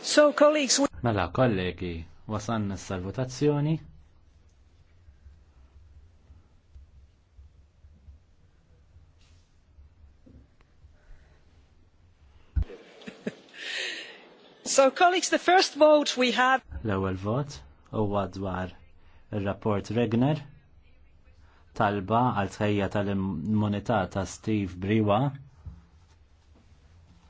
So, colleagues... Mela, kollegi, wasanna s-salvotazzjoni. so, colleagues, the first vote we have... L-ewel vot huwa dwar il-rapport Regner talba għal tħejja tal-immunità ta' Steve Briwa